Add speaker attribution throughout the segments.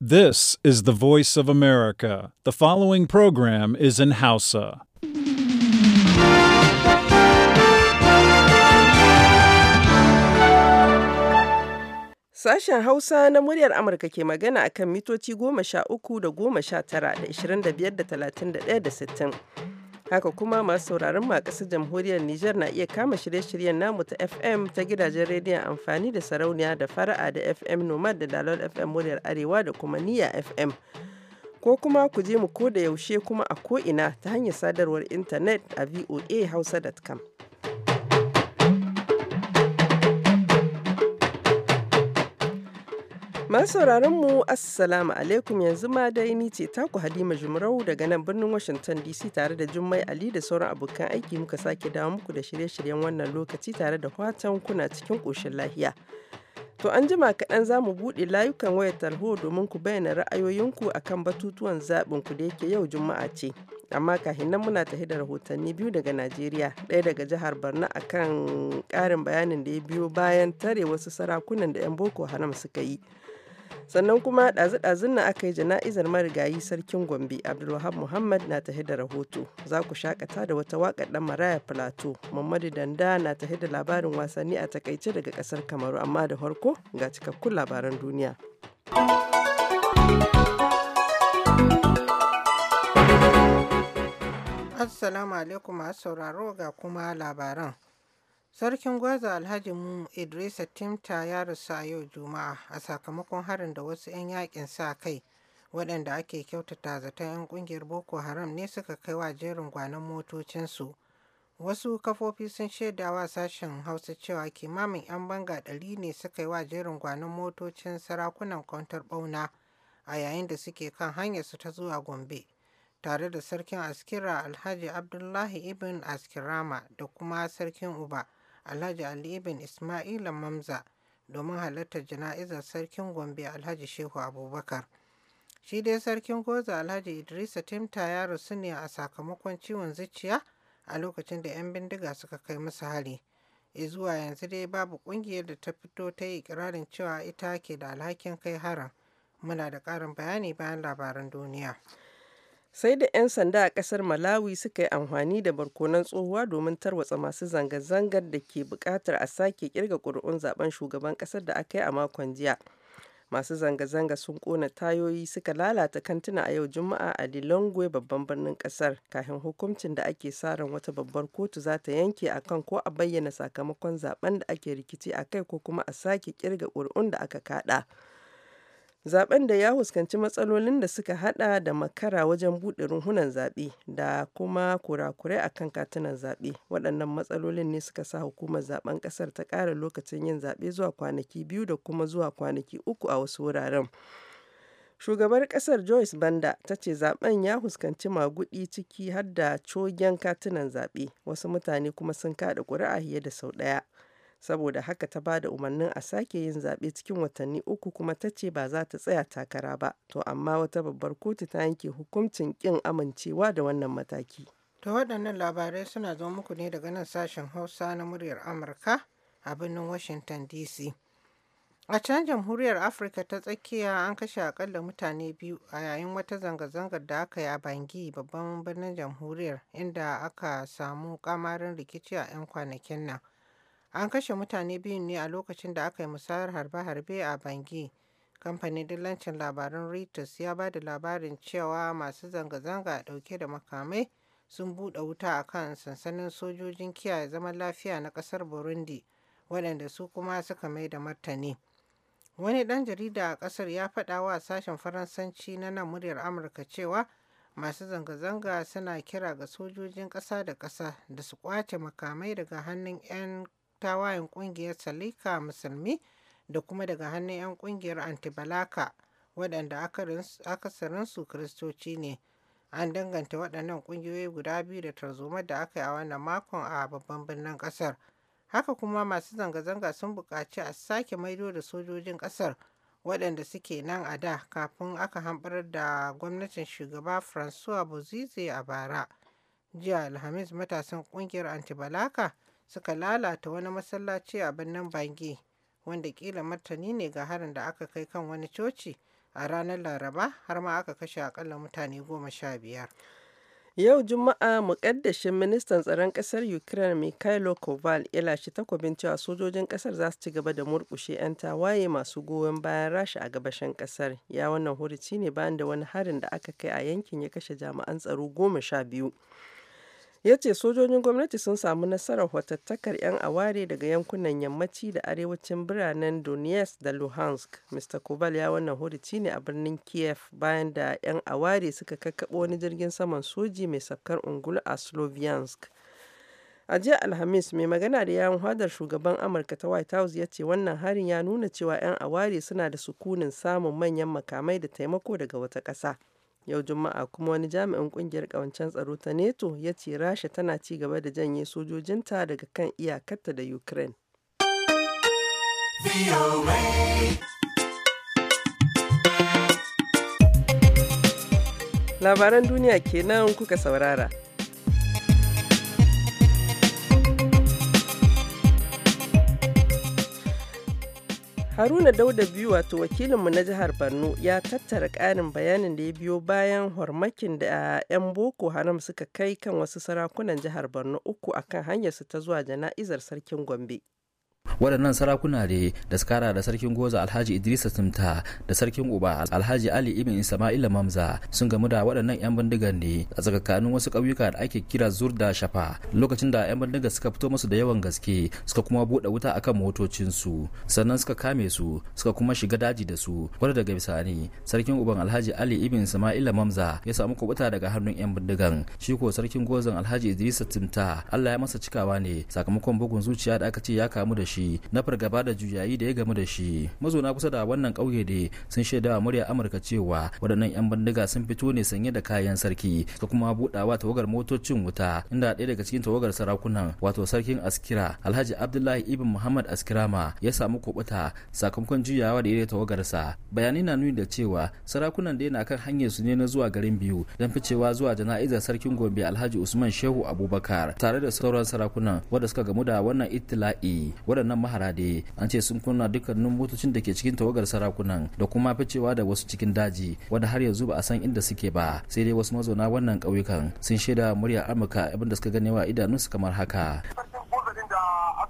Speaker 1: This is the voice of America. The following program is in Hausa.
Speaker 2: Sashen Hausa na muryar Amurka ke magana akan mitoci goma sha uku da goma sha tara da ishirin da biyar da talatin da ɗaya da sittin. Haka kuma masu sauraron ma a ƙasar jamhuriyar Nijar na iya kama shirye-shiryen namu ta FM ta gidajen rediyon amfani da sarauniya da fara'a da FM Nomad da Dalol FM muryar Arewa da kuma niya FM. Ko kuma ku je mu ko da yaushe kuma a ko'ina ta hanyar sadarwar intanet a voahausa.com. Masu mu Assalamu alaikum yanzu ma dai ni ce taku Halima Jumrau daga nan birnin Washington DC tare da Jummai Ali da sauran abokan aiki muka sake dawo muku da shirye-shiryen wannan lokaci tare da fatan kuna cikin ƙoshin lahiya. To an jima kaɗan za mu buɗe layukan wayar tarho domin ku bayyana ra'ayoyinku akan batutuwan zaɓin ku da yake yau Juma'a ce. Amma kahin nan muna tafi da rahotanni biyu daga Najeriya, ɗaya daga jihar borno akan ƙarin bayanin da ya biyo bayan tare wasu sarakunan da 'yan Boko Haram suka yi. sannan kuma ɗazu-ɗazun na aka yi jana'izar marigayi sarkin gombe abdulwahab muhammad na tahe da rahoto za ku shakata da wata waƙar ɗan maraya plateau mamadu danda na tahe da labarin wasanni a takaice daga ƙasar kamaru amma da farko ga cikakkun labaran duniya
Speaker 3: assalamu alaikum masu sauraro ga kuma labaran Sarkin Gwaza Alhaji Mu Idrisa Timta ya rasu a yau Juma'a a sakamakon harin da wasu 'yan yakin sa kai waɗanda ake kyautata zaton 'yan ƙungiyar Boko Haram ne suka kai wa jerin gwanon motocinsu. Wasu kafofi sun shaidawa sashen Hausa cewa kimamin 'yan banga ɗari ne suka yi wa jerin gwanon motocin sarakunan kwantar ɓauna a yayin da suke kan hanyar su ta zuwa Gombe. tare da sarkin askira alhaji abdullahi ibn askirama da kuma sarkin uba Alhaji Ali ibn Ismaila Mamza domin halartar jana'izar sarkin Gombe Alhaji Shehu Abubakar. Shi dai sarkin Goza Alhaji Idrisa Timta ya rasu ne a sakamakon ciwon zuciya a lokacin da 'yan bindiga suka kai masa hari. zuwa yanzu dai babu kungiyar da ta fito ta yi ikirarin cewa ita ke da alhakin kai harin. Muna da ƙarin bayani bayan labaran duniya.
Speaker 2: sai da 'yan sanda a kasar malawi suka yi amfani da barkonan tsohuwa domin tarwatsa masu zanga-zangar da ke bukatar a sake kirga ƙuri'un zaben shugaban kasar da aka yi a makon jiya masu zanga-zanga sun kona tayoyi suka lalata kantuna a yau juma'a a lilongwe babban birnin kasar kafin hukuncin da ake sa ran wata babbar kotu za ta yanke a kan ko a bayyana sakamakon zaben da ake rikici a kai ko kuma a sake kirga ƙuri'un da aka kada. zaben da ya huskanci matsalolin da suka hada da makara wajen buɗe ruhunan zaɓe da kuma kurakurai akan katunan zaɓe waɗannan matsalolin ne suka sa hukumar zaben ƙasar ta ƙara lokacin yin zaɓe zuwa kwanaki biyu da kuma zuwa kwanaki uku a wasu wuraren shugabar ƙasar joyce banda ta ce zaben ya huskanci magudi ciki har da cogen katunan zaɓe wasu mutane kuma sun kaɗa ƙuri'a fiye da sau ɗaya saboda haka ta ba da umarnin a sake yin zaɓe cikin watanni uku kuma ta ce ba za ta tsaya takara ba to amma wata babbar kotu ta yanke hukuncin kin amincewa da wannan mataki
Speaker 3: to waɗannan labarai suna zo muku ne daga nan sashen hausa na muryar amurka a birnin washington dc a can jamhuriyar afirka ta tsakiya an kashe akalla mutane biyu a yayin wata zanga-zangar da aka yi a bangi babban birnin jamhuriyar inda aka samu kamarin rikici a 'yan kwanakin nan An kashe mutane biyun ne a lokacin da aka yi musayar harbe-harbe a Bangi. Kamfanin dillancin labarin Reuters ya ba da labarin cewa masu zanga-zanga dauke da makamai sun buɗe wuta a kan sansanin sojojin kiyaye zaman lafiya na ƙasar Burundi, waɗanda su kuma suka mai da martani. Wani ɗan jarida a ƙasar ya faɗa wa sashen Faransanci na nan muryar Amurka cewa masu zanga-zanga suna kira ga sojojin ƙasa da ƙasa da su ƙwace makamai daga hannun 'yan tawayen kungiyar Salika Musulmi da kuma daga hannun 'yan kungiyar Antibalaka waɗanda akasarinsu Kiristoci ne. An danganta waɗannan ƙungiyoyi guda biyu da tarzoma da aka yi a wannan makon a babban birnin ƙasar. Haka kuma masu zanga-zanga sun buƙaci a sake maido da sojojin ƙasar waɗanda suke nan a da kafin aka hamɓar da gwamnatin shugaba Francois Bozize a bara. Jiya Alhamis matasan ƙungiyar Antibalaka suka lalata wani masallaci a birnin Bangi wanda kila martani ne ga harin da aka kai kan wani coci a ranar Laraba har ma aka kashe akalla mutane goma sha biyar. Yau Juma'a
Speaker 2: mukaddashin ministan tsaron kasar Ukraine Mikhailo Koval ya shi takwabin cewa sojojin kasar za su ci gaba da murkushe 'yan tawaye masu goyon bayan rasha a gabashin kasar Ya wannan hurici ne bayan da wani harin da aka kai a yankin ya kashe jami'an tsaro goma sha biyu. ya ce sojojin gwamnati sun samu nasarar watattakar 'yan aware daga yankunan yammaci da arewacin biranen donetsk da luhansk mr kubal ya wannan hurici ne a birnin kiev bayan da 'yan aware suka kakkaɓo wani jirgin saman soji mai safkar ungulu a sloviansk a jiya alhamis mai magana da yawon hadar shugaban amurka ta white house ya ce wannan harin ya nuna cewa 'yan aware suna da sukunin samun manyan makamai da taimako daga wata ƙasa. Yau Juma'a kuma wani jami'in kungiyar ƙawancen tsaro ta NATO ya ce Rasha tana ci gaba da janye sojojinta daga kan iyakarta da Ukraine. Labaran duniya kenan kuka saurara. Haruna Dauda biyu wato wakilinmu na jihar Borno ya tattara ƙarin bayanin da ya biyo bayan hormakin da 'yan Boko Haram suka kai kan wasu sarakunan jihar Borno uku akan hanyarsu ta zuwa jana'izar sarkin Gombe.
Speaker 1: waɗannan sarakuna ne da suka da sarkin goza alhaji idrisa simta da sarkin uba alhaji ali ibn isma'il mamza sun gamu da waɗannan 'yan bindigan ne a tsakanin wasu ƙauyuka da ake kira zur da shafa lokacin da 'yan bindiga suka fito musu da yawan gaske suka kuma buɗe wuta akan motocinsu sannan suka kame su suka kuma shiga daji da su wadda daga bisani sarkin uban alhaji ali ibn isma'il mamza ya samu kubuta daga hannun 'yan bindigan shi ko sarkin gozan alhaji idrisa timta allah ya masa cikawa ne sakamakon bugun zuciya da aka ce ya kamu da shi shi na fargaba da juyayi da ya gamu da shi mazauna kusa da wannan kauye da sun shaida wa murya amurka cewa waɗannan 'yan bindiga sun fito ne sanye da kayan sarki suka kuma buɗawa tawagar motocin wuta inda ɗaya daga cikin tawagar sarakunan wato sarkin askira alhaji abdullahi ibn muhammad askirama ya samu kubuta sakamakon juyawa da ya tawagarsa bayanai na nuni da cewa sarakunan da na kan hanyar su ne na zuwa garin biyu don ficewa zuwa jana'izar sarkin gobe alhaji usman shehu abubakar tare da sauran sarakunan wanda suka gamu da wannan itila'i waɗannan mahara an ce sun kunna dukkanin motocin da ke cikin tawagar sarakunan da kuma ficewa da wasu cikin daji wanda har yanzu ba a san inda suke ba sai dai wasu mazauna wannan ƙauyukan sun shaida murya amurka abinda suka gane wa idanunsu kamar haka.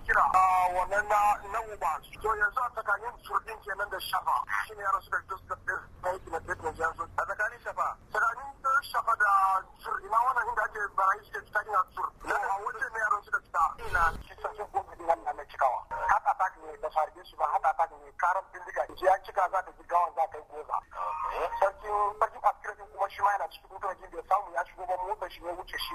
Speaker 1: kira wannan na na uba to
Speaker 4: yanzu a tsakanin surdin kenan da shafa shine ya rasu da duk da aiki na treatment yanzu a tsakanin shafa tsakanin shafa da a ne yaron suka ina sun kuma da farge bindiga ji ya cika za ta ji eh. sarkin sarkin askirin kuma yana cikin
Speaker 1: mutuwa jin da ya shigo ba motsa shi ya wuce shi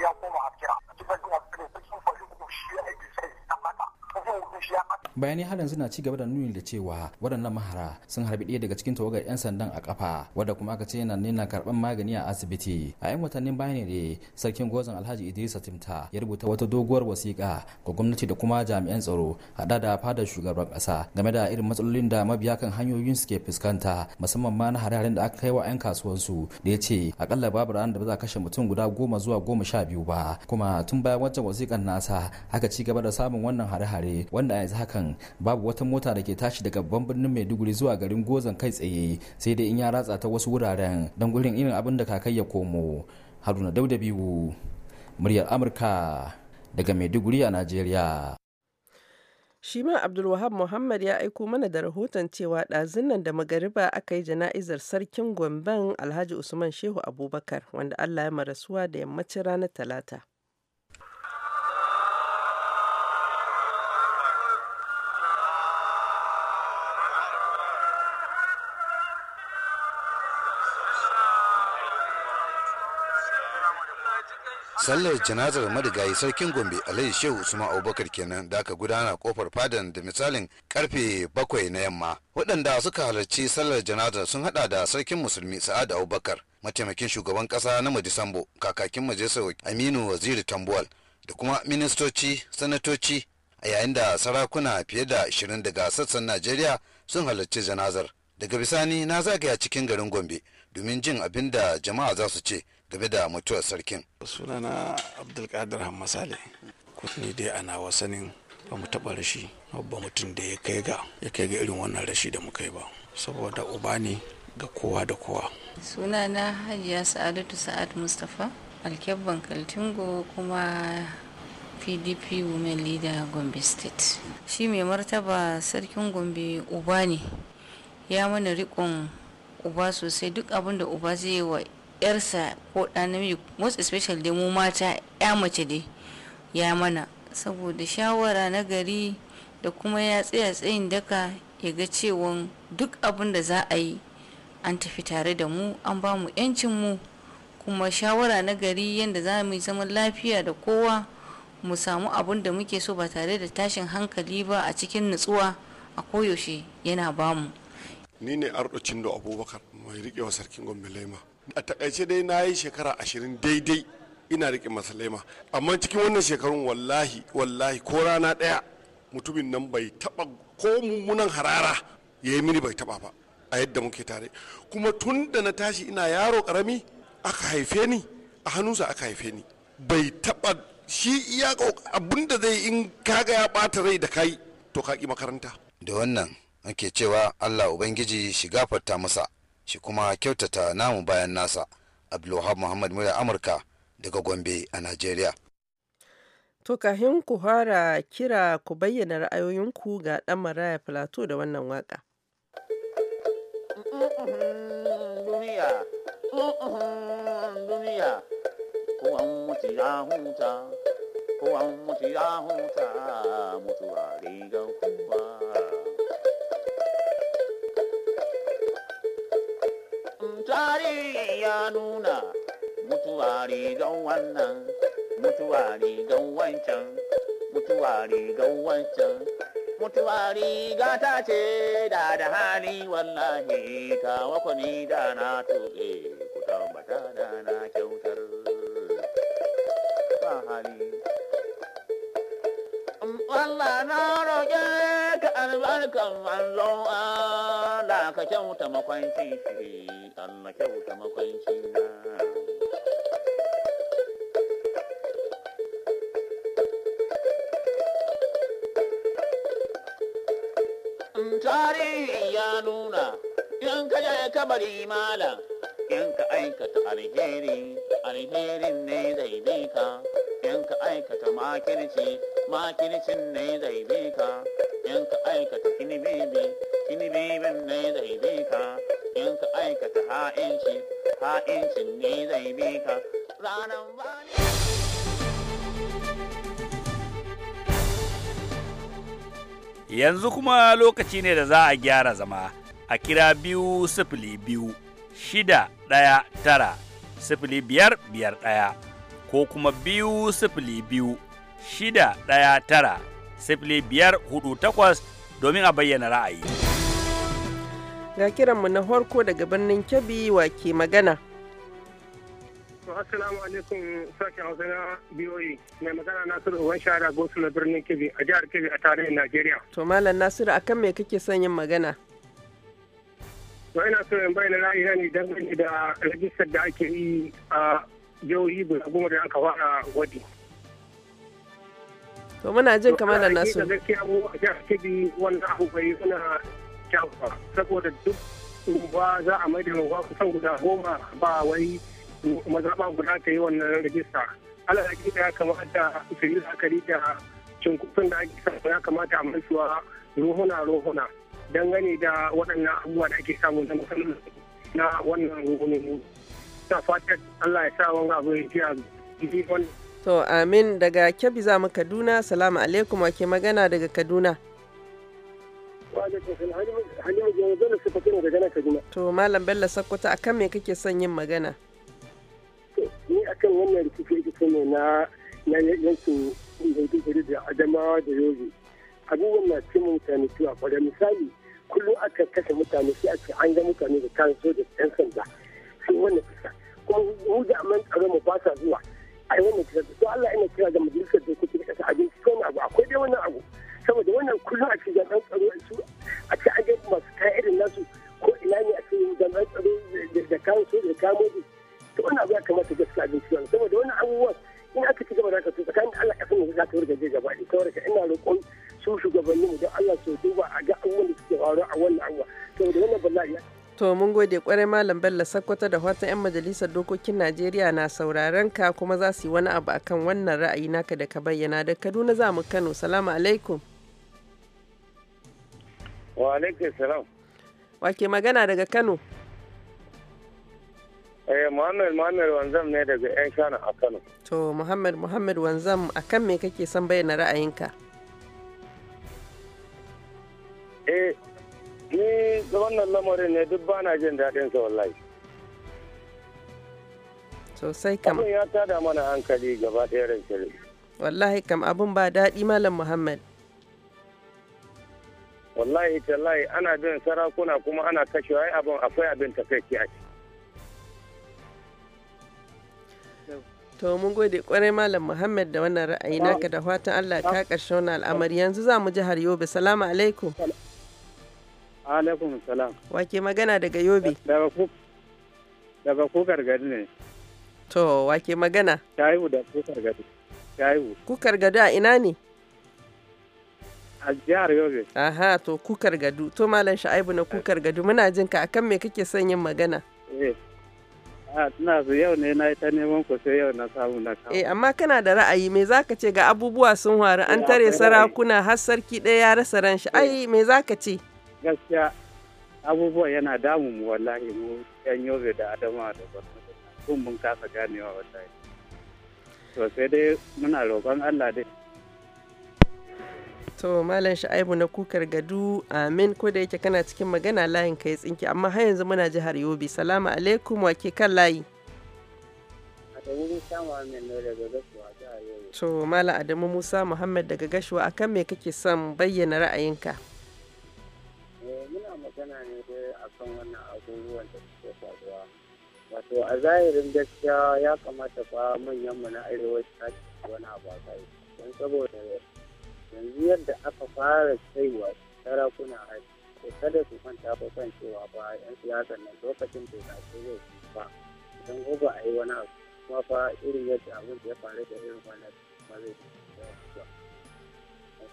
Speaker 1: bayanai har ci da nuni da cewa waɗannan mahara sun harbi ɗaya daga cikin tawagar 'yan sandan a kafa wadda kuma aka ce yana nuna karɓar magani a asibiti gwamnati a 'yan watannin baya ne sarkin gozan alhaji idrisa timta ya rubuta wata doguwar wasiƙa ga gwamnati da kuma jami'an tsaro hada da fadar shugaban ƙasa game da irin matsalolin da mabiya kan hanyoyin suke fuskanta musamman ma na hararen da aka kai wa 'yan kasuwansu da ya ce akalla babu ranar da ba za kashe mutum guda goma zuwa goma sha biyu ba kuma tun bayan wancan wasiƙan nasa aka ci gaba da samun wannan hare-hare wanda a yanzu hakan babu wata mota da ke tashi daga babban birnin maiduguri zuwa garin gozan kai tsaye sai dai in ya ratsa ta wasu wuraren don gurin irin abin da kakai ya komo haruna dauda muryar amurka daga maiduguri a najeriya
Speaker 2: shi ma abdulwahab muhammad ya aiko mana da rahoton cewa ɗazunan da magariba aka yi jana'izar sarkin gomben alhaji usman shehu abubakar wanda allah ya marasuwa da yammacin ranar talata
Speaker 5: sallar janazar marigayi sarkin gombe alhaji shehu usman abubakar kenan da aka gudana kofar fadan da misalin karfe bakwai na yamma waɗanda suka halarci sallar janazar sun hada da sarkin musulmi sa'ad abubakar mataimakin shugaban ƙasa na madisambo kakakin majalisar aminu waziri tambuwal da kuma ministoci sanatoci a yayin da sarakuna fiye da ashirin daga sassan najeriya sun halarci janazar daga bisani na zagaya cikin garin gombe domin jin abin da jama'a za su ce game da mutuwar sarkin sunana abdulkadir hamasale ni dai ana wasanin ba mu taɓa rashi babban mutum da ya kai ga ya kai ga irin wannan rashi da mu kai ba saboda uba ne ga kowa da kowa
Speaker 3: sunana hajiya sa'adatu sa'ad mustapha alkebban kaltingo kuma pdp women leader gombe state shi mai martaba sarkin gombe uba ne ya mana rikon uba sosai duk abin da uba zai yi wa yarsa ko ɗan namiji most especially dai mu mata ya mace dai ya mana saboda shawara na gari da kuma ya tsaya tsayin daka ya ga cewon duk abin da za a yi an tafi tare da mu an ba mu mu kuma shawara na gari yadda za mu zaman lafiya da kowa mu samu abin da muke so ba tare da tashin hankali ba a cikin nutsuwa a koyaushe yana bamu
Speaker 4: ni ne arɗocin da abubakar mai riƙewa sarkin gombe laima a takaice dai na yi shekara ashirin daidai ina riƙe masalema amma cikin wannan shekarun wallahi wallahi ko rana ɗaya mutumin nan bai taɓa
Speaker 5: ko mummunan harara ya yi mini bai taɓa ba a yadda muke tare kuma tun da na tashi ina yaro ƙarami aka haife ni a hannunsa aka haife ni bai taɓa shi iya abinda zai in kaga ya ɓata rai da kai to kaki makaranta da wannan ake cewa allah ubangiji shiga fatta masa shi kuma kyautata namu bayan nasa abdulwahab muhammad murya amurka daga gombe a najeriya
Speaker 2: to kahin ku fara kira ku bayyana ra'ayoyinku ga dan maraya plateau da wannan waka
Speaker 4: duniya duniya ko an mutu ya huta ko an mutu ya huta mutuwa rigar ku.
Speaker 6: tsari ya nuna mutuwa rigan wannan mutuwa rigan wancan mutuwa rigan wancan mutuwa riga ta ce da da hali wallahi ta wakwani da na tuɗe ku tambata da na kyautar ba hali Allah na roƙe ka albarkan manzon aka ka kyauta makwancin shi Allah
Speaker 5: kyauta makwancin
Speaker 6: na tarihi ya nuna in ka je kabari malam in ka aikata alheri alherin ne zai bi ka in ka aikata makirci makircin ne zai bi ka in ka aikata kinibibi inibibin ne zai bi ka in ka aikata ha'inci ha'incin ne zai bi ka
Speaker 4: yanzu kuma lokaci ne da za a gyara zama a kira biyu sifili biyu shida ɗaya tara sifili biyar biyar ɗaya ko kuma biyu sifili biyu shida ɗaya tara sifili biyar hudu takwas
Speaker 2: domin a bayyana ra'ayi. Ga kiranmu na harko daga birnin Kebbi wake magana.
Speaker 4: Assalamu alaikum sashen Hausa na biyoyi. mai magana Nasiru uban Shahara Gosu na birnin Kebbi a jihar Kebbi a tarihin Najeriya.
Speaker 2: To Malam Nasiru akan me kake son yin magana?
Speaker 4: To ina so in bayyana ra'ayina ne dangane da rajistar da ake yi a jihohi guda goma da aka fara wadi.
Speaker 2: To muna jin kamar da Nasiru.
Speaker 4: Gaskiya mu a jihar Kebbi wannan abu bai suna kyautata saboda duk unguwa za a maida unguwa kusan guda goma ba wai mazaɓa guda ta yi wannan rajista ala ya ya kamata su yi hakari da cinkusun da ake samu ya kamata a maisuwa ruhuna ruhuna dangane da waɗannan abubuwa da ake samu na musamman na wannan ruhunin ta fatan allah ya sa wani abu ya jiya
Speaker 2: To amin daga Kebbi za mu Kaduna, salamu alaikum wake magana daga Kaduna. To Malam Bello Sokoto kan me kake son yin magana?
Speaker 4: Ni kan wannan rikici rikici ne na na yankin Maiduguri da Adamawa da Yobe. Abubuwan na ce mutane cewa kwarar misali kullum aka kashe mutane sai ake an ga mutane da kan so da ɗan sanda. Sai wannan kisa. Kuma mu da aman tsaro mu ba sa zuwa. Ai wannan kisa. To Allah ina kira da majalisar dokokin kasa abinci ko wani abu akwai dai wannan abu. saboda wannan kullum a cikin jami'an tsaro su a ci an masu kayan irin nasu ko ina ne a cikin jami'an tsaro da kawo su da kamo su to wannan abu ya kamata gaskiya abinci wani saboda wannan abubuwan in aka ci gaba da haka to tsakanin Allah ya da za ta warga je gaba da saboda ina roƙon su shugabanni mu don Allah su duba a ga abubuwan da suke faruwa a wannan abuwa saboda wannan bala'i
Speaker 2: To mun gode kwarai Malam Bello Sakkwato da wata 'yan majalisar dokokin Najeriya na sauraron ka kuma za su yi wani abu akan wannan ra'ayi naka da ka bayyana da Kaduna za mu Kano. Salamu alaikum.
Speaker 4: Wa salam.
Speaker 2: Wa ke magana daga Kano?
Speaker 4: Eh Muhammad Muhammad Wanzam ne daga ƴan kano a Kano.
Speaker 2: To Muhammad Muhammad Wanzam a kan me kake son bayyana ra'ayinka?
Speaker 4: Eh ni da wannan lamarin ne duk bana jin daɗin sa wallahi.
Speaker 2: Sosai kam. Abin
Speaker 4: ya tada mana hankali gaba ɗaya ran
Speaker 2: Wallahi kam abun ba daɗi Malam Muhammad.
Speaker 4: wallahi tallahi ana bin sarakuna kuma ana kashe wai abin akwai abin takaici a
Speaker 2: To mun gode kwarai Malam Muhammad da wannan ra'ayi naka da fatan Allah ka karshe wannan al'amari yanzu za mu jihar Yobe. Salamu alaikum.
Speaker 4: Alaikum salam.
Speaker 2: Wake magana daga Yobe.
Speaker 4: Daga ku gargadi kukar ne.
Speaker 2: To wake magana.
Speaker 4: kayu da kukar gargadi kayu
Speaker 2: ku gargadi a ina ne?
Speaker 4: a jihar yobe
Speaker 2: aha to kukar gadu to malam sha'ibu na kukar gadu muna jin ka akan me kake son yin magana
Speaker 4: eh tuna su yau ne na yi ta neman ku sai yau na samu na kawo eh amma
Speaker 2: kana da ra'ayi me zaka ce ga abubuwa sun waru an eh, tare sarakuna har sarki ɗaya ya rasa ran shi ai eh. me zaka ce
Speaker 4: gaskiya abubuwa yana damu mu wallahi mu yan yobe da adama da kun mun kasa ganewa wallahi to sai dai muna roƙon Allah dai
Speaker 2: To Malam Sha'ibu na kukar gadu amin ko da yake kana cikin magana layin ka ya tsinki amma har yanzu muna jihar Yobe. Salamu alaikum wa ke kan layi. To Malam Adamu Musa Muhammad daga Gashuwa akan me kake son bayyana ra'ayinka?
Speaker 4: Eh, muna magana ne dai kan wannan abubuwan da suke faruwa. Wato a zahirin gaskiya ya kamata fa manyanmu na arewa su wani abu a don saboda yanzu yadda aka fara kaiwa sarakuna a ko kada su kwanta ko kan cewa ba yan siyasar nan lokacin da ya ce zai ba idan ko ba a yi wani abu kuma fa irin yadda abin da ya faru da irin wannan ba zai ba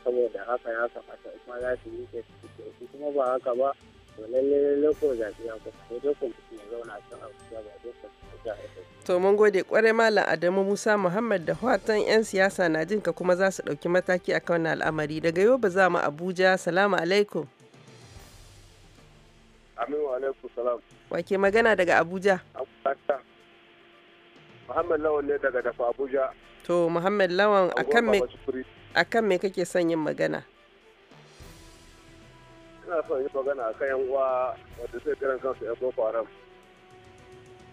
Speaker 4: saboda haka ya kamata kuma za su yi ke kuma ba haka ba to lalle lalle ko ya kuma sai dai kuma ya zauna a
Speaker 2: abuja ba to mun gode kwarai malam Adamu Musa Muhammad da watan 'yan siyasa na jin ka kuma za su ɗauki mataki akan wannan al'amari daga yau ba za mu Abuja salamu alaikum
Speaker 4: Amin wa alaikum salam
Speaker 2: Wake magana daga Abuja
Speaker 4: Muhammad Lawan ne daga dafa Abuja
Speaker 2: To Muhammad Lawan akan me akan me kake son yin magana
Speaker 4: ina son yi magana a kayan uwa wadda zai kiran kansu ya boko haram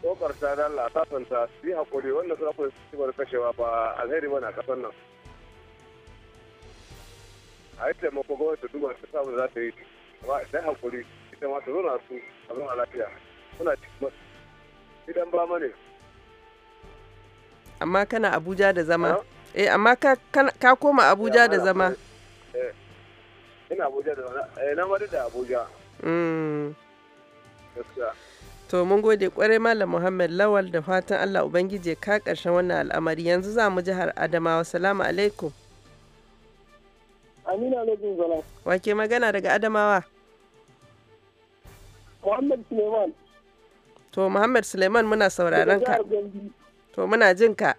Speaker 4: kokar ta da Allah sasanta su yi hakuri wanda suna kuma su cibar kashewa ba alheri ba a kasar nan a yi taimako gwamnati duba ta samu za ta yi amma idan hakuri ita ma ta zo na su a zama lafiya suna cikin idan ba mane
Speaker 2: amma kana abuja da zama eh amma ka koma abuja da zama
Speaker 4: eh ina abuja da eh, na wani da abuja
Speaker 2: mm. To mun gode kwarai Malam Muhammad Lawal da fatan Allah Ubangiji ka karshen wannan al'amari yanzu za mu jihar Adamawa salamu alaikum.
Speaker 4: Amina alaikum salam.
Speaker 2: Wake magana daga Adamawa? Muhammad Suleiman. To Muhammad Suleiman muna sauraron ka. To muna jin ka.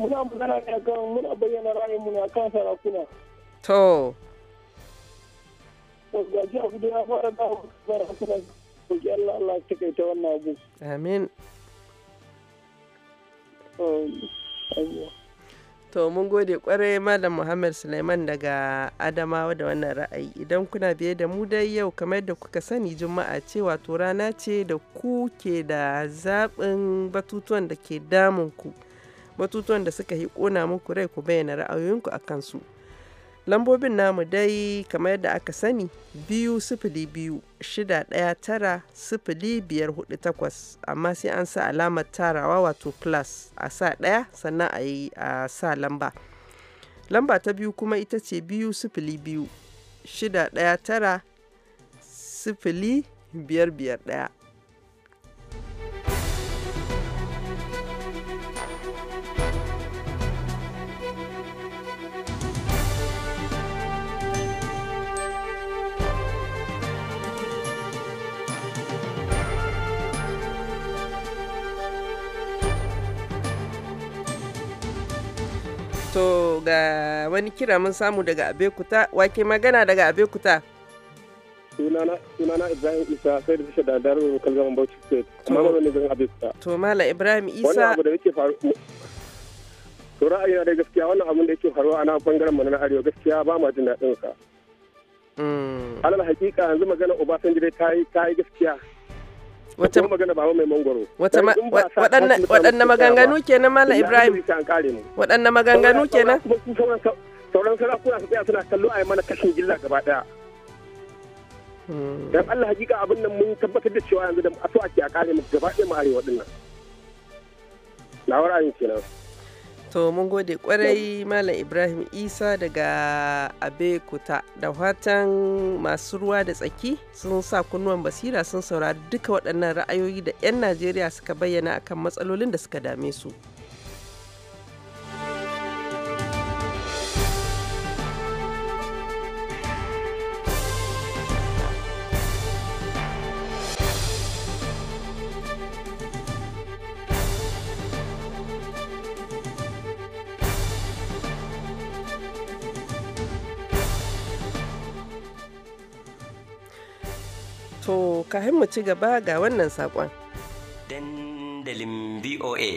Speaker 4: muna magana ne akan muna bayyana ra'ayinmu ne akan sarakuna
Speaker 2: to To mun gode kwarai Malam Muhammad Suleiman daga Adamawa da wannan ra'ayi. Idan kuna biye da mu dai yau kamar da kuka sani Juma'a ce wato rana ce da ku ke da zaɓin batutuwan da ke damun ku. batutuwan da suka yi kona muku rai ku bayyana ra'ayoyinku a kansu lambobin namu dai kamar yadda aka sani biyu sifili biyu shida ɗaya tara sifili biyar hudu takwas amma sai an sa alamar tarawa wato plus a sa ɗaya sannan a yi a sa lamba lamba ta biyu kuma ita ce biyu sifili biyu shida ɗaya tara sifili biyar biyar ɗaya da wani kira mun samu daga Abekuta, wake magana daga Abekuta. Sunana
Speaker 4: Ibrahim Isa sai da tashar da darin rukun zaman Bauchi State, kuma ba ne zan Abekuta.
Speaker 2: To Mala Ibrahim Isa. Wannan abu
Speaker 4: da yake faru. To ra'ayina da gaskiya wannan abun da yake faruwa a nan bangaren mu na Arewa gaskiya ba ma jin daɗin sa. Mm. Alal hakika yanzu magana Obasanjo dai ta yi gaskiya. wata magana baba mai mangoro waɗanne maganganu kenan mala ibrahim waɗanne maganganu ke kenan sauran sarakuna su tsaya suna kallo a yi mana kashin gilla gaba daya hmm. dan Allah hakika abin nan mun tabbatar da cewa yanzu da aso ake a kare mu gaba ɗaya mu arewa dinnan na ra'ayin kenan
Speaker 2: To mun gode kwarai Malam Ibrahim Isa daga Abekuta da fatan masu ruwa da tsaki sun sa kunnuwan basira sun saurari duka waɗannan ra'ayoyi da 'yan Najeriya suka bayyana akan matsalolin da suka dame su. kafin mu ci gaba ga wannan saƙon. Dandalin VOA.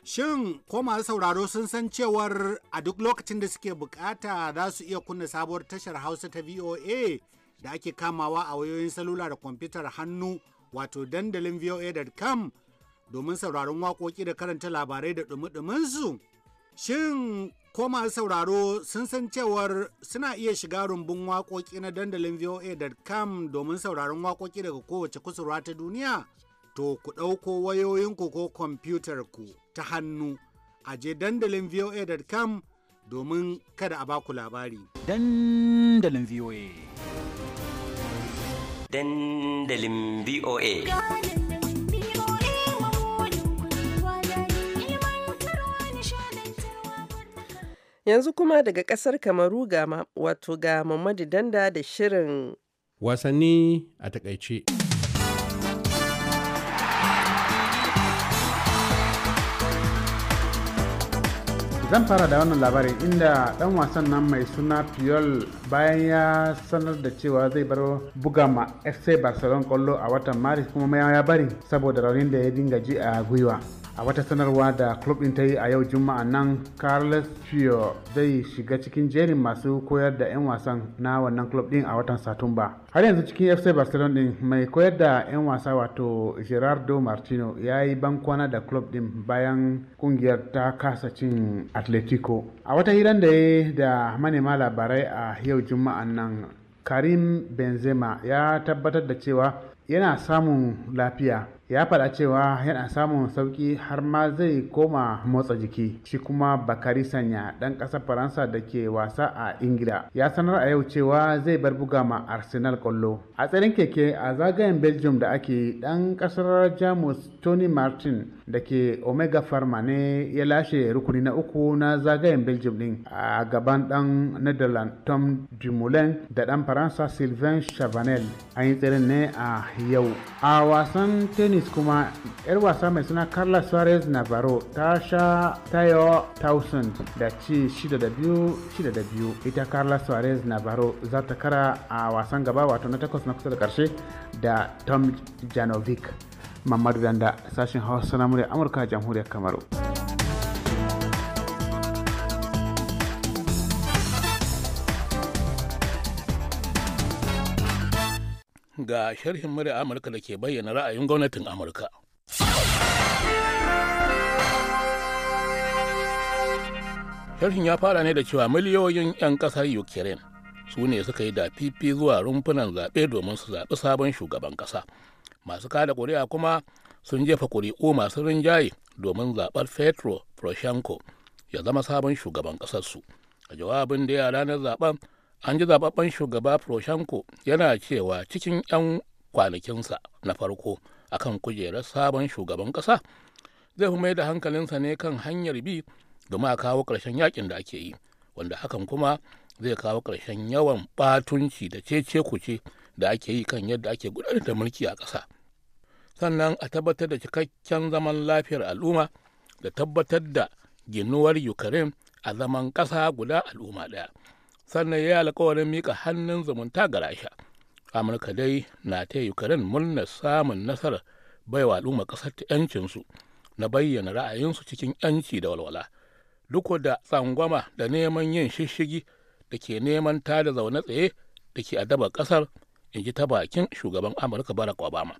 Speaker 2: Shin ko masu
Speaker 5: sauraro sun san cewar a duk lokacin da suke bukata za su iya kunna sabuwar tashar Hausa ta VOA da ake kamawa a wayoyin salula da kwamfutar hannu wato dandalin voa.com domin sauraron waƙoƙi da karanta labarai da ɗumi-ɗuminsu. Shin ko masu sauraro sun san cewar suna iya shiga rumbun waƙoƙi na dandalin voa.com domin sauraron waƙoƙi daga kowace kusurwa ta duniya to ku ɗauko wayoyinku ko kwamfutar ku ta hannu a je dandalin voa.com domin kada a baku labari dandalin
Speaker 1: voa dandalin voa
Speaker 2: Yanzu kuma daga ƙasar Kamaru ga wato ga Mamadu Danda da shirin
Speaker 5: wasanni a takaice. zan fara da wannan labarin inda dan wasan nan mai suna piol bayan ya sanar da cewa zai bar buga ma fc barcelona kwallo a watan maris kuma ya bari saboda raunin da ya dinga ji a gwiwa a wata sanarwa da club din ta yi a yau juma'a nan carlos Pio zai shiga cikin jerin masu koyar da 'yan wasan na wannan club din a watan satumba har yanzu cikin fc barcelona din mai koyar da 'yan wasa wato gerardo martino ya yi bankwana da club din bayan kungiyar ta kasa cin atletico a wata hiran da ya da manema labarai a yau juma'a nan karim benzema ya tabbatar da cewa yana samun lafiya ya faɗa cewa yana samun sauƙi har ma zai koma motsa jiki shi kuma bakari sanya ɗan ƙasar faransa da ke wasa a ingila ya sanar a yau cewa zai bar buga ma arsenal kwallo a tsarin keke a zagayen belgium da ake ɗan ƙasar jamus tony martin da ke omega pharma ne ya lashe rukuni na uku na zagayen belgium din a gaban dan netherlands tom dumoulin da ɗan faransa sylvain chavanel an yi tsirin ne a yau a wasan tenis. tennis kuma yar wasa mai suna carla suarez navarro ta sha tayo 1000 da ci 6 6 2 ita carla suarez navarro za ta kara a wasan gaba wato na takwas na kusa da karshe da tom janovic mamadu danda sashen hausa na murya amurka jamhuriyar kamaru
Speaker 6: ga sharhin murya Amurka da ke bayyana ra'ayin gwamnatin Amurka. Sharhin ya fara ne da cewa miliyoyin 'yan ƙasar Ukraine su ne suka yi da fifi zuwa rumfunan zaɓe domin su zaɓi sabon shugaban ƙasa. Masu kada ƙuri'a kuma sun jefa ƙuri'u masu rinjaye domin zaɓar Petro Poroshenko ya zama sabon shugaban ƙasarsu. A jawabin da ya ranar zaɓen an ji zababben shugaba Poroshenko yana cewa cikin 'yan kwanakinsa na farko akan kujerar sabon shugaban ƙasa zai fi mai da hankalinsa ne kan hanyar bi domin a kawo ƙarshen yakin da ake yi wanda hakan kuma zai kawo ƙarshen yawan batunci da cece kuce da ake yi kan yadda ake gudanar da mulki a ƙasa sannan a tabbatar da cikakken zaman lafiyar al'umma da tabbatar da ginuwar ukraine a zaman ƙasa guda al'umma ɗaya sannan ya yi alkawarin mika hannun zumunta ga rasha amurka dai na ta ukraine murnar samun nasarar baiwa al'umma ƙasar ta 'yancinsu na bayyana ra'ayinsu cikin 'yanci da walwala duk da tsangwama da neman yin shishigi da ke neman tada zaune tsaye da ke adaba ƙasar in ji ta bakin shugaban amurka barack obama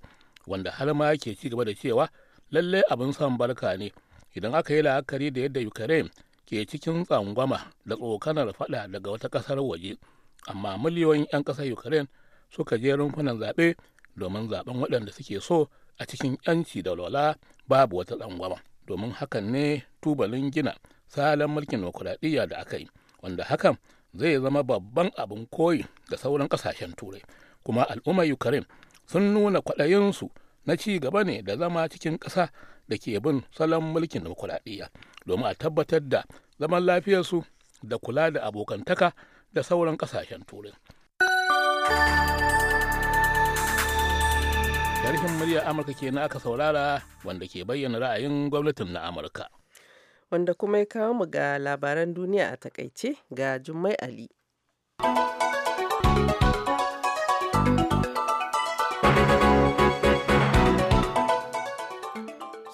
Speaker 6: wanda har ma ke ci gaba da cewa lallai abin son barka ne idan aka yi la'akari da yadda ukraine ke cikin tsangwama da tsokanar fada daga wata ƙasar waje amma miliyoyin 'yan ƙasar ukraine suka je rumfunan zaɓe domin zaɓen waɗanda suke so a cikin 'yanci da lola babu wata tsangwama domin hakan ne tubalin gina salon mulkin demokuraɗiyya da aka yi wanda hakan zai zama babban abin koyi da sauran ƙasashen turai kuma al'ummar ukraine sun nuna kwaɗayinsu na ci gaba ne da zama cikin ƙasa da ke bin salon mulkin demokuraɗiyya domin a tabbatar da zaman lafiyarsu da kula da abokantaka da sauran ƙasashen turai. Sharhin muryar Amurka ke na aka saurara wanda ke bayyana ra'ayin gwamnatin na Amurka.
Speaker 2: Wanda kuma ya kawo mu ga labaran duniya a takaice ga Jummai Ali.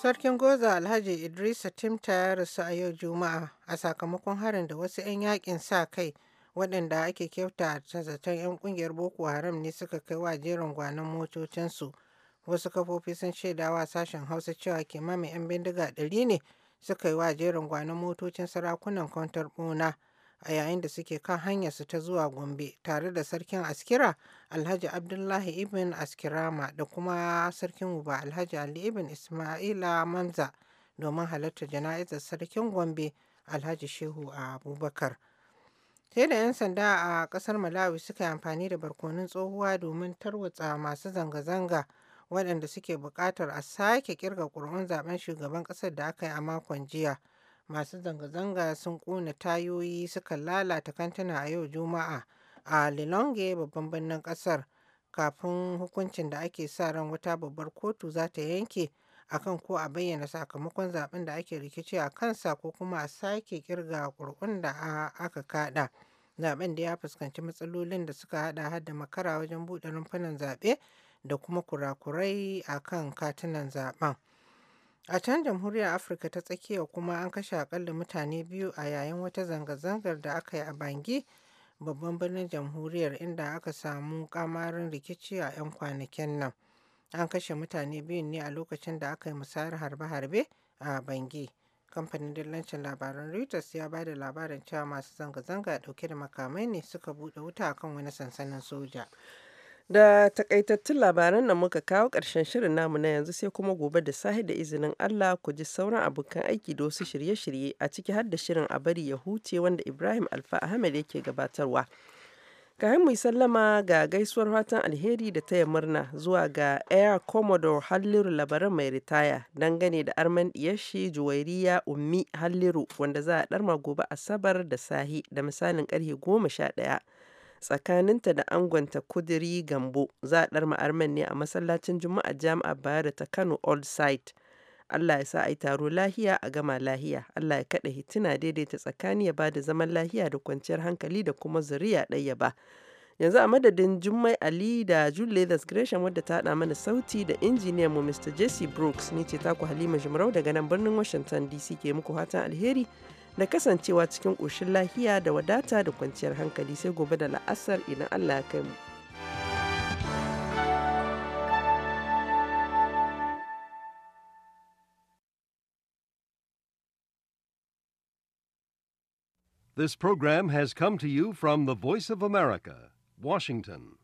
Speaker 3: Sarkin Goza Alhaji Idrisa Timta ya rasu a yau Juma'a a sakamakon harin da wasu 'yan yakin sa kai waɗanda ake kyauta ta zaton 'yan ƙungiyar Boko Haram ne suka kai wa jerin gwanon motocinsu. Wasu kafofi sun shaidawa sashen Hausa cewa kimanin 'yan bindiga ɗari ne suka yi wa jerin gwanon motocin sarakunan kwantar ɓuna. a yayin da suke kan hanyarsu ta zuwa Gombe tare da sarkin Askira Alhaji Abdullahi Ibn Askirama da kuma sarkin Uba Alhaji Ali Ibn Ismaila Manza domin halartar jana'izar sarkin Gombe Alhaji Shehu Abubakar. sai da 'yan sanda a kasar malawi suka yi amfani da barkonin tsohuwa domin tarwatsa masu zanga-zanga waɗanda suke buƙatar a sake kirga ƙuri'un zaben shugaban ƙasar da aka yi a makon jiya masu zanga-zanga sun ƙona tayoyi suka lalata kantuna a yau juma'a a lilonge babban birnin kasar kafin hukuncin da ake sa ran wata babbar kotu za ta yanke akan ko a bayyana sakamakon zaben da ake rikici a kansa ko kuma a sake kirga kurkun da aka kada zaben da ya fuskanci matsalolin da suka hada hada makara wajen buɗe rumfunan zaɓe da kuma kurakurai akan katunan zaben A can jamhuriyar Afirka ta tsakiya kuma an kashe akalla mutane biyu a yayin wata zanga-zangar da aka yi a Bangi, babban birnin jamhuriyar inda aka samu kamarin rikici a 'yan kwanakin nan. An kashe mutane biyu ne a lokacin da aka yi musayar harbe-harbe a Bangi. Kamfanin dillancin labaran Reuters ya ba da labarin cewa masu zanga-zanga dauke da makamai ne suka buɗe wuta kan wani sansanin soja.
Speaker 2: Da takaitattun labaran nan muka kawo ƙarshen shirin namu na yanzu sai kuma gobe da sahi da izinin Allah ku ji sauran abokan aiki da wasu shirye-shirye a ciki har da shirin a bari ya huce wanda Ibrahim Alfa Ahmed yake gabatarwa. Kayan mu sallama ga gaisuwar fatan alheri da taya murna zuwa ga Air Commodore Halliru labaran mai ritaya dangane da arman diyashi Juwairiya Ummi Halliru wanda za a ɗarma gobe Asabar da sahi da misalin ƙarfe goma sha ɗaya. tsakaninta da angonta Kudiri Gambo za a ɗarma armen ne a masallacin juma'a Jami'ar da ta Kano Old Site. Allah ya sa a yi taro lahiya a gama lahiya. Allah ya kaɗa hituna daidaita tsakani ya ba da zaman lahiya da kwanciyar hankali da kuma zuriya ɗaya ba. Yanzu a madadin Jummai Ali da Jude Leathers Gresham wadda ta haɗa mana sauti da injiniyan mu Mr. Jesse Brooks ni ce taku Halima Jumrau daga nan birnin Washington DC ke muku fatan alheri. da kasancewa cikin ƙoshin lahiya da wadata da kwanciyar hankali sai gobe da la'asar idan Allah ya mu. This program has come to you from the Voice of America, Washington.